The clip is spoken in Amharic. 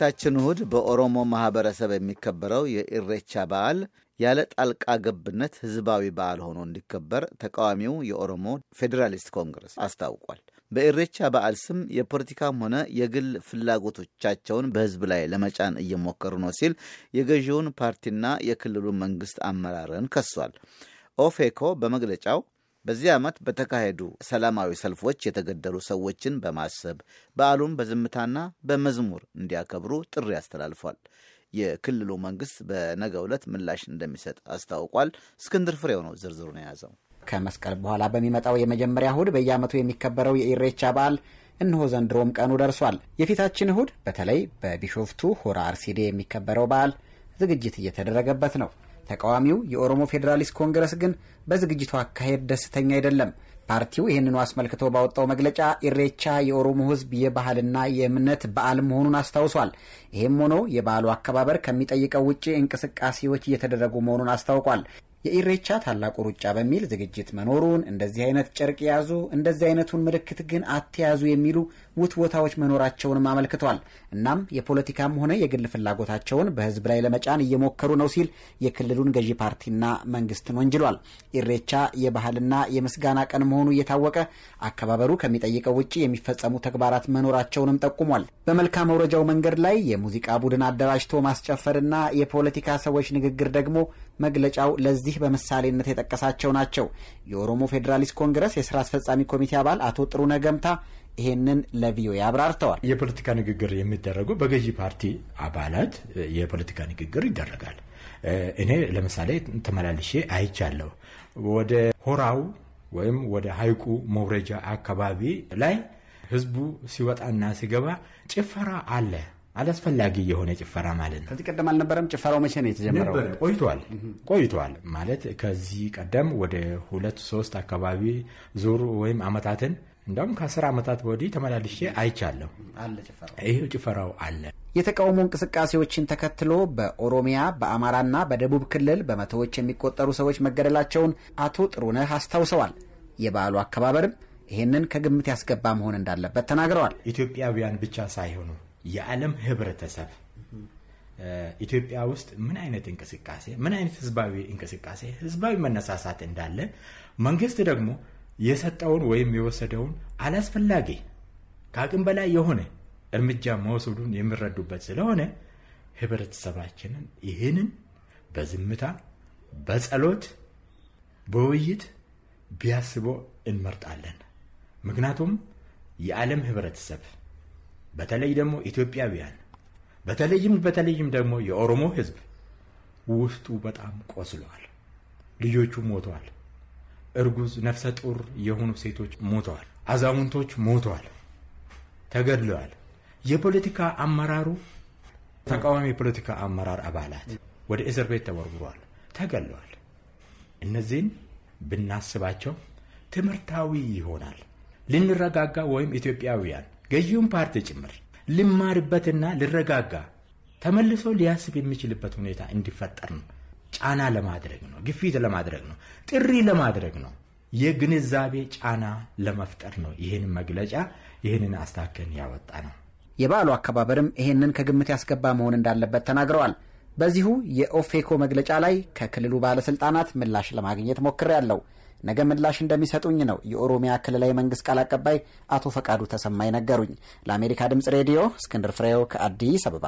የፊታችን እሁድ በኦሮሞ ማህበረሰብ የሚከበረው የኢሬቻ በዓል ያለ ጣልቃ ገብነት ህዝባዊ በዓል ሆኖ እንዲከበር ተቃዋሚው የኦሮሞ ፌዴራሊስት ኮንግረስ አስታውቋል። በኢሬቻ በዓል ስም የፖለቲካም ሆነ የግል ፍላጎቶቻቸውን በህዝብ ላይ ለመጫን እየሞከሩ ነው ሲል የገዢውን ፓርቲና የክልሉን መንግስት አመራርን ከሷል። ኦፌኮ በመግለጫው በዚህ ዓመት በተካሄዱ ሰላማዊ ሰልፎች የተገደሉ ሰዎችን በማሰብ በዓሉን በዝምታና በመዝሙር እንዲያከብሩ ጥሪ አስተላልፏል። የክልሉ መንግስት በነገ ዕለት ምላሽ እንደሚሰጥ አስታውቋል። እስክንድር ፍሬው ነው ዝርዝሩን የያዘው። ከመስቀል በኋላ በሚመጣው የመጀመሪያ እሁድ በየዓመቱ የሚከበረው የኢሬቻ በዓል እነሆ ዘንድሮም ቀኑ ደርሷል። የፊታችን እሁድ በተለይ በቢሾፍቱ ሆራ አርሲዴ የሚከበረው በዓል ዝግጅት እየተደረገበት ነው። ተቃዋሚው የኦሮሞ ፌዴራሊስት ኮንግረስ ግን በዝግጅቱ አካሄድ ደስተኛ አይደለም። ፓርቲው ይህንኑ አስመልክቶ ባወጣው መግለጫ ኢሬቻ የኦሮሞ ሕዝብ የባህልና የእምነት በዓል መሆኑን አስታውሷል። ይህም ሆኖ የበዓሉ አከባበር ከሚጠይቀው ውጭ እንቅስቃሴዎች እየተደረጉ መሆኑን አስታውቋል። የኢሬቻ ታላቁ ሩጫ በሚል ዝግጅት መኖሩን እንደዚህ አይነት ጨርቅ ያዙ እንደዚህ አይነቱን ምልክት ግን አትያዙ የሚሉ ውትወታዎች መኖራቸውንም አመልክቷል። እናም የፖለቲካም ሆነ የግል ፍላጎታቸውን በህዝብ ላይ ለመጫን እየሞከሩ ነው ሲል የክልሉን ገዢ ፓርቲና መንግስትን ወንጅሏል። ኢሬቻ የባህልና የምስጋና ቀን መሆኑ እየታወቀ አከባበሩ ከሚጠይቀው ውጭ የሚፈጸሙ ተግባራት መኖራቸውንም ጠቁሟል። በመልካም መውረጃው መንገድ ላይ የሙዚቃ ቡድን አደራጅቶ ማስጨፈርና የፖለቲካ ሰዎች ንግግር ደግሞ መግለጫው ለዚህ ለዚህ በምሳሌነት የጠቀሳቸው ናቸው። የኦሮሞ ፌዴራሊስት ኮንግረስ የስራ አስፈጻሚ ኮሚቴ አባል አቶ ጥሩ ነገምታ ይህንን ለቪኦኤ አብራርተዋል። የፖለቲካ ንግግር የሚደረጉ በገዢ ፓርቲ አባላት የፖለቲካ ንግግር ይደረጋል። እኔ ለምሳሌ ተመላልሼ አይቻለሁ። ወደ ሆራው ወይም ወደ ሀይቁ መውረጃ አካባቢ ላይ ህዝቡ ሲወጣና ሲገባ ጭፈራ አለ። አላስፈላጊ የሆነ ጭፈራ ማለት ነው። ከዚህ ቀደም አልነበረም ጭፈራው። መቼ ነው የተጀመረው? ቆይቷል ቆይቷል ማለት ከዚህ ቀደም ወደ ሁለት ሶስት አካባቢ ዙር ወይም አመታትን እንዲሁም ከአስር ዓመታት ወዲህ ተመላልሼ አይቻለሁ። ይህ ጭፈራው አለ። የተቃውሞ እንቅስቃሴዎችን ተከትሎ በኦሮሚያ በአማራና በደቡብ ክልል በመቶዎች የሚቆጠሩ ሰዎች መገደላቸውን አቶ ጥሩነህ አስታውሰዋል። የበዓሉ አከባበርም ይህንን ከግምት ያስገባ መሆን እንዳለበት ተናግረዋል። ኢትዮጵያውያን ብቻ ሳይሆኑ የዓለም ህብረተሰብ ኢትዮጵያ ውስጥ ምን አይነት እንቅስቃሴ ምን አይነት ህዝባዊ እንቅስቃሴ ህዝባዊ መነሳሳት እንዳለ መንግስት ደግሞ የሰጠውን ወይም የወሰደውን አላስፈላጊ ከአቅም በላይ የሆነ እርምጃ መውሰዱን የሚረዱበት ስለሆነ ህብረተሰባችንን ይህንን በዝምታ በጸሎት በውይይት ቢያስቦ እንመርጣለን። ምክንያቱም የዓለም ህብረተሰብ በተለይ ደግሞ ኢትዮጵያውያን በተለይም በተለይም ደግሞ የኦሮሞ ህዝብ ውስጡ በጣም ቆስሏል። ልጆቹ ሞተዋል። እርጉዝ ነፍሰ ጡር የሆኑ ሴቶች ሞተዋል። አዛውንቶች ሞተዋል፣ ተገድለዋል። የፖለቲካ አመራሩ ተቃዋሚ የፖለቲካ አመራር አባላት ወደ እስር ቤት ተወርውረዋል፣ ተገድለዋል። እነዚህን ብናስባቸው ትምህርታዊ ይሆናል ልንረጋጋ ወይም ኢትዮጵያውያን ገዢውን ፓርቲ ጭምር ልማርበትና ልረጋጋ ተመልሶ ሊያስብ የሚችልበት ሁኔታ እንዲፈጠር ነው። ጫና ለማድረግ ነው፣ ግፊት ለማድረግ ነው፣ ጥሪ ለማድረግ ነው፣ የግንዛቤ ጫና ለመፍጠር ነው። ይህን መግለጫ ይህንን አስታከን ያወጣ ነው። የበዓሉ አከባበርም ይህንን ከግምት ያስገባ መሆን እንዳለበት ተናግረዋል። በዚሁ የኦፌኮ መግለጫ ላይ ከክልሉ ባለስልጣናት ምላሽ ለማግኘት ሞክሬ ያለው ነገ ምላሽ እንደሚሰጡኝ ነው የኦሮሚያ ክልላዊ መንግስት ቃል አቀባይ አቶ ፈቃዱ ተሰማ ነገሩኝ። ለአሜሪካ ድምጽ ሬዲዮ እስክንድር ፍሬው ከአዲስ አበባ